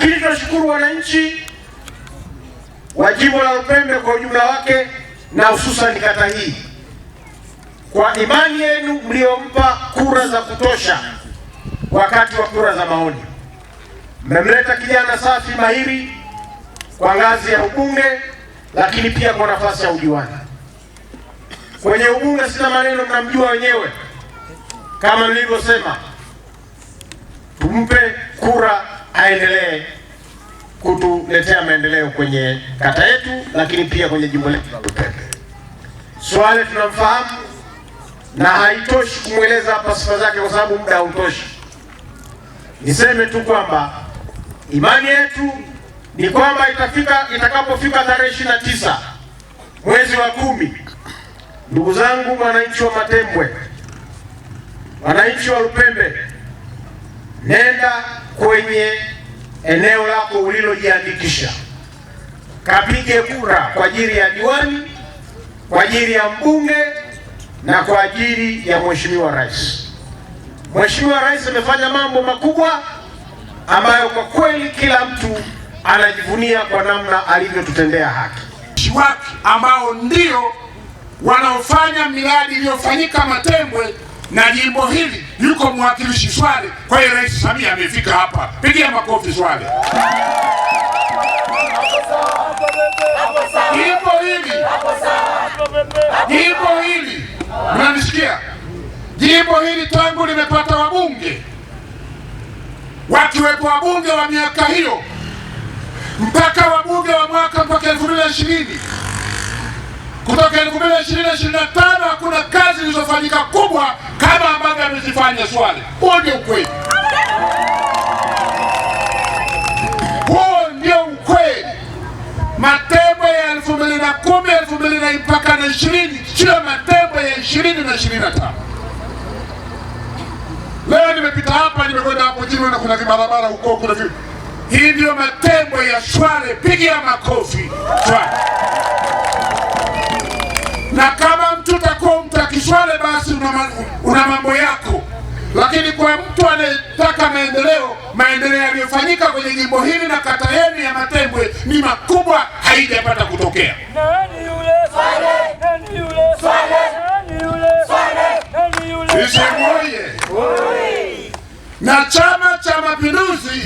Lakini tunashukuru wananchi wa jimbo la Lupembe kwa ujumla wake na hususan kata hii kwa imani yenu mliompa kura za kutosha wakati wa kura za maoni. Mmemleta kijana safi mahiri kwa ngazi ya ubunge, lakini pia kwa nafasi ya udiwani. Kwenye ubunge sina maneno, mnamjua wenyewe. Kama nilivyosema, tumpe kura aendelee kutuletea maendeleo kwenye kata yetu, lakini pia kwenye jimbo letu la Lupembe. Swale tunamfahamu na haitoshi kumweleza hapa sifa zake kwa sababu muda hautoshi. Niseme tu kwamba imani yetu ni kwamba itafika itakapofika tarehe ishirini na tisa mwezi wa kumi, ndugu zangu, mwananchi wa Matembwe, wananchi wa Lupembe, nenda kwenye eneo lako ulilojiandikisha, kapige kura kwa ajili ya diwani, kwa ajili ya mbunge na kwa ajili ya mheshimiwa rais. Mheshimiwa Rais amefanya mambo makubwa ambayo kwa kweli kila mtu anajivunia kwa namna alivyotutendea haki wake, ambao ndio wanaofanya miradi iliyofanyika Matembwe na jimbo hili yuko mwakilishi Swale. Kwa hiyo Rais Samia amefika hapa, pigia makofi Swale. Ipo hili, jimbo hili mnanisikia? Jimbo hili tangu limepata wabunge, wakiwepo wabunge wa miaka hiyo mpaka wabunge wa mwaka mpaka elfu mbili na ishirini kutoka elfu mbili na ishirini na ishirini na tano hakuna kazi zilizofanyika kubwa kama ambavyo amezifanya Swale. Huo ndio ukweli, huo ndio ukweli. Matembo ya elfu mbili na kumi elfu mbili na mpaka na ishirini sio matembo ya ishirini na ishirini na tano. Leo nimepita hapa, nimekwenda hapo na kuna vibarabara huko, kuna vi hii ndiyo matembo ya Swale. Pigia makofi Swale na kama mtu takuwa mtakishwale basi una mambo yako, lakini kwa mtu anayetaka maendeleo, maendeleo yaliyofanyika kwenye jimbo hili na kata yenu ya Matembwe ni makubwa, haijapata kutokea. Na Chama cha Mapinduzi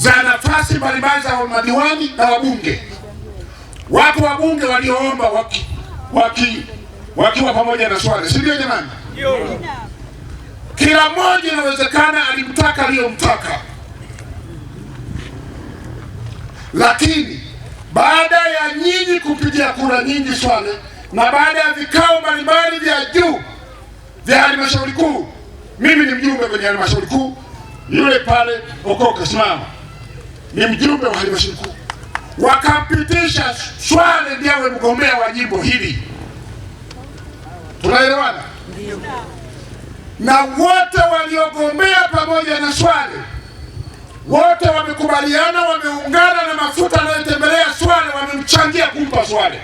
za nafasi mbalimbali za madiwani na wabunge. Wapo wabunge walioomba waki, waki, wakiwa pamoja na swali, si ndio jamani? Kila mmoja inawezekana alimtaka aliyomtaka, lakini baada ya nyinyi kupigia kura nyingi Swale na baada ya vikao mbalimbali vya juu vya halmashauri kuu, mimi ni mjumbe kwenye halmashauri kuu, yule pale Okoka simama ni mjumbe wa halmashauri kuu, wakapitisha Swale ndiye mgombea wa jimbo hili. Tunaelewana? Na wote waliogombea pamoja na Swale wote wamekubaliana, wameungana na mafuta anayotembelea Swale, wamemchangia kumpa Swale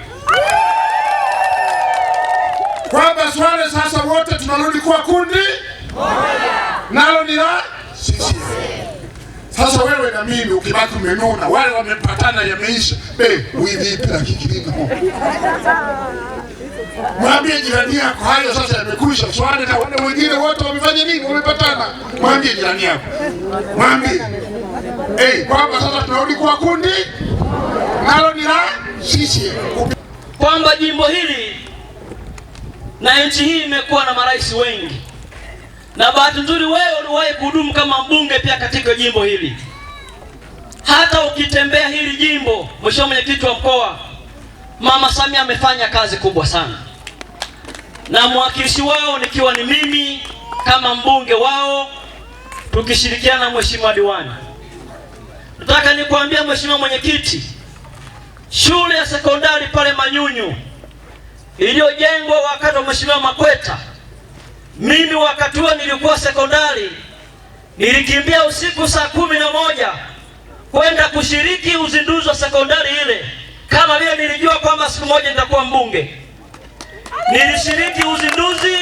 kwamba Swale sasa wote tunarudi kuwa kundi moja, nalo ni la sasa wewe na mimi ukibaki umenuna, wale wamepatana, yameisha. Be, uivipi na kilimo? Mwambie jirani yako hayo sasa yamekwisha. Swali na wale wengine wote wamefanya nini? Wamepatana. Mwambie jirani yako, mwambie eh, hey, kwamba sasa tunarudi kwa kundi nalo ni la sisi, kwamba jimbo hili na nchi hii imekuwa na marais wengi na bahati nzuri wewe uliwahi kuhudumu kama mbunge pia katika jimbo hili. Hata ukitembea hili jimbo, mheshimiwa mwenyekiti wa mkoa, mama Samia amefanya kazi kubwa sana, na mwakilishi wao nikiwa ni mimi kama mbunge wao, tukishirikiana na mheshimiwa diwani. Nataka nikuambia mheshimiwa mwenyekiti, shule ya sekondari pale Manyunyu iliyojengwa wakati wa mheshimiwa Makweta mimi wakati huo nilikuwa sekondari, nilikimbia usiku saa kumi na moja kwenda kushiriki uzinduzi wa sekondari ile, kama vile nilijua kwamba siku moja nitakuwa mbunge. Nilishiriki uzinduzi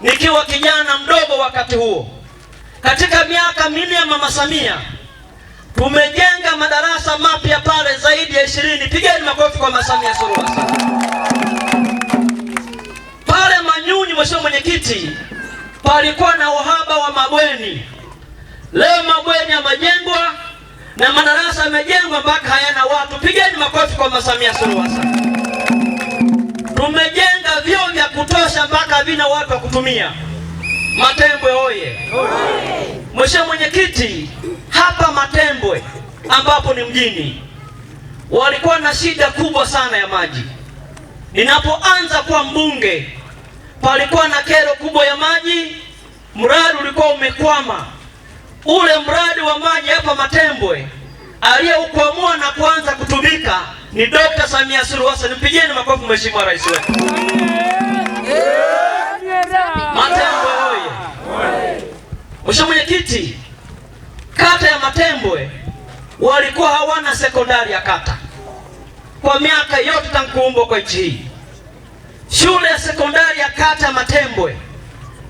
nikiwa kijana mdogo wakati huo. Katika miaka minne ya Mama Samia tumejenga madarasa mapya pale zaidi ya ishirini. Pigeni makofi kwa Mama Samia Suluhu Hassan. mwenyekiti, palikuwa na uhaba wa mabweni. Leo mabweni yamejengwa na madarasa yamejengwa mpaka hayana watu. Pigeni makofi kwa masamia Samia Suluhu Hassan. Tumejenga vyoo vya kutosha mpaka havina watu wa kutumia. Matembwe oye! Mheshimiwa mwenyekiti, hapa Matembwe ambapo ni mjini, walikuwa na shida kubwa sana ya maji. Ninapoanza kuwa mbunge palikuwa na kero kubwa ya maji, mradi ulikuwa umekwama. Ule mradi wa maji hapa Matembwe aliyeukwamua na kuanza kutumika ni Dr. Samia Suluhu Hassan. makofu makofi Mheshimiwa Rais wetu. Matembwe hoye! Mheshimiwa Mwenyekiti, kata ya Matembwe walikuwa hawana sekondari ya kata kwa miaka yote tangu kuumbwa kwa nchi hii shule ya sekondari ya kata Matembwe,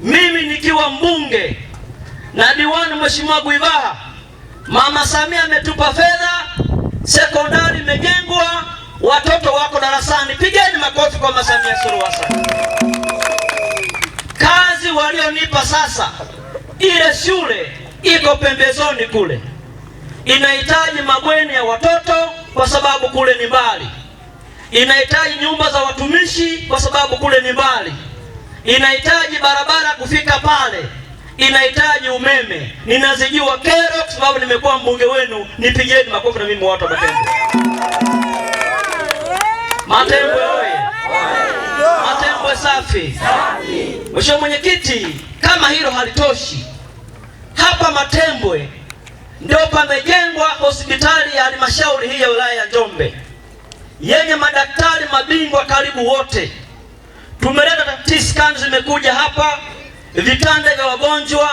mimi nikiwa mbunge na diwani Mheshimiwa gwivaha Mama Samia ametupa fedha, sekondari imejengwa, watoto wako darasani. Pigeni makofi kwa Mama Samia Suluhu Hassan. Kazi walionipa sasa, ile shule iko pembezoni kule, inahitaji mabweni ya watoto kwa sababu kule ni mbali inahitaji nyumba za watumishi kwa sababu kule ni mbali, inahitaji barabara kufika pale, inahitaji umeme. Ninazijua kero kwa sababu nimekuwa mbunge wenu. Nipigeni makofi na mimi watu wa Matembwe. Matembwe oye! Matembwe safi! Mheshimiwa Mwenyekiti, kama hilo halitoshi, hapa Matembwe ndio pamejengwa hospitali ya halmashauri hii ya wilaya ya Njombe yenye madaktari mabingwa karibu wote. Tumeleta tiskan zimekuja hapa, vitanda vya wagonjwa,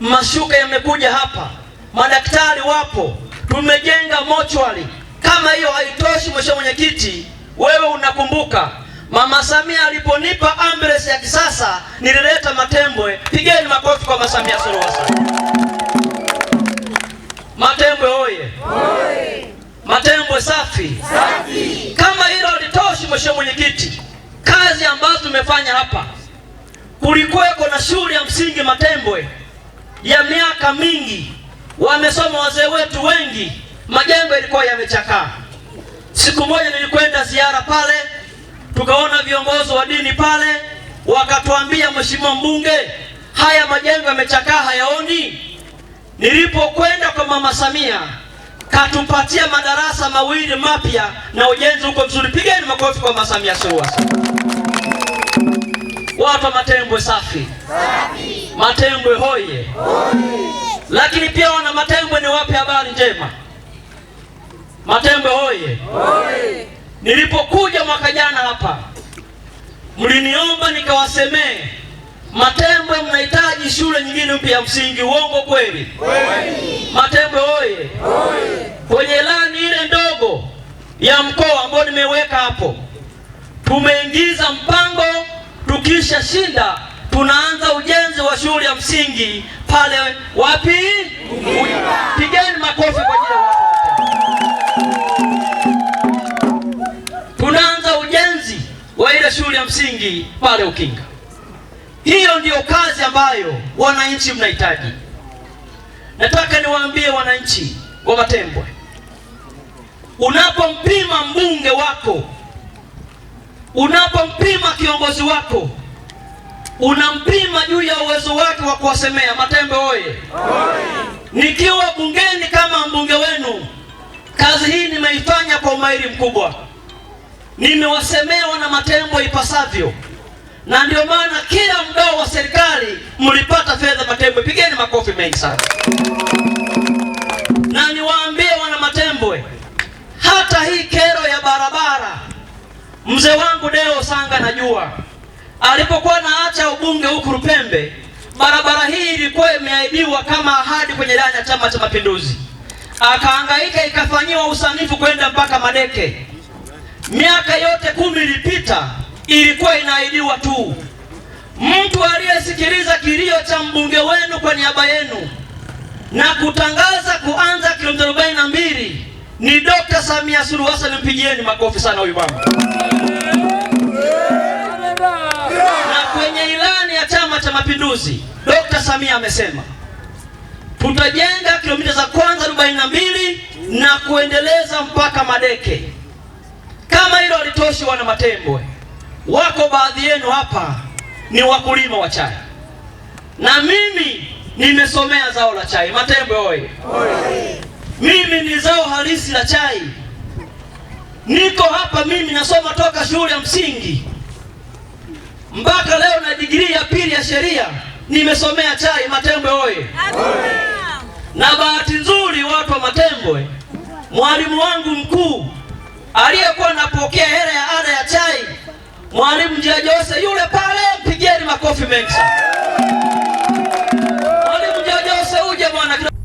mashuka yamekuja hapa, madaktari wapo, tumejenga mochwali Kama hiyo haitoshi, mheshimiwa mwenyekiti, wewe unakumbuka Mama Samia aliponipa ambulance ya kisasa nilileta Matembwe. Pigeni makofi kwa Mama Samia Suluhu Hassan. Matembwe oye! Matembwe safi! Mheshimiwa Mwenyekiti, kazi ambazo tumefanya hapa, kulikuweko na shule ya msingi Matembwe ya miaka mingi, wamesoma wazee wetu wengi, majengo yalikuwa yamechakaa. Siku moja nilikwenda ziara pale, tukaona viongozi wa dini pale, wakatuambia Mheshimiwa mbunge, haya majengo yamechakaa, hayaoni. Nilipokwenda kwa Mama Samia katupatia madarasa mawili mapya na ujenzi huko vizuri. Pigeni makofi kwa Mama Samia Suluhu Hassan. Watu wa Matembwe safi, Matembwe hoye! Lakini pia wana Matembwe, ni wape habari njema. Matembwe hoye! Nilipokuja mwaka jana hapa mliniomba nikawasemee Matembwe mnahitaji shule nyingine mpya ya msingi. Uongo kweli? Matembwe oye! Kwenye ilani ile ndogo ya mkoa ambayo nimeweka hapo, tumeingiza mpango, tukisha shinda tunaanza ujenzi wa shule ya msingi pale wapi? Pigeni makofi kwa jina Tunaanza ujenzi wa ile shule ya msingi pale Ukinga. Hiyo ndiyo kazi ambayo wananchi mnahitaji. Nataka niwaambie wananchi wa Matembwe, unapompima mbunge wako, unapompima kiongozi wako, unampima juu ya uwezo wake wa kuwasemea. Matembwe oye! Nikiwa bungeni kama mbunge wenu, kazi hii nimeifanya kwa umahiri mkubwa, nimewasemea wana Matembwe ipasavyo na ndio maana kila mdau wa serikali mlipata fedha Matembwe. Pigeni makofi mengi sana na niwaambie wana Matembwe, hata hii kero ya barabara, mzee wangu Deo Sanga najua alipokuwa naacha ubunge huku Lupembe, barabara hii ilikuwa imeahidiwa kama ahadi kwenye ilani ya Chama cha Mapinduzi, akahangaika ikafanyiwa usanifu kwenda mpaka Madeke. Miaka yote kumi ilipita ilikuwa inaahidiwa tu. Mtu aliyesikiliza kilio cha mbunge wenu kwa niaba yenu na kutangaza kuanza kilomita arobaini na mbili ni Dr. Samia Suluhu Hassan. Mpigieni makofi sana huyu mama. Na kwenye ilani ya Chama cha Mapinduzi Dr. Samia amesema tutajenga kilomita za kwanza arobaini na mbili na kuendeleza mpaka Madeke. Kama hilo halitoshi, wana Matembwe, Wako baadhi yenu hapa ni wakulima wa chai, na mimi nimesomea zao la chai. Matembwe oye! Mimi ni zao halisi la chai. Niko hapa mimi nasoma toka shule ya msingi mpaka leo na digrii ya pili ya sheria, nimesomea chai. Matembwe oye! Na bahati nzuri, watu wa Matembwe, mwalimu wangu mkuu aliyekuwa napokea hela ya ada ya chai Mwalimu Njia Jose yule pale, mpigeni makofi mengi sana. Mwalimu Njia Jose uje bwana.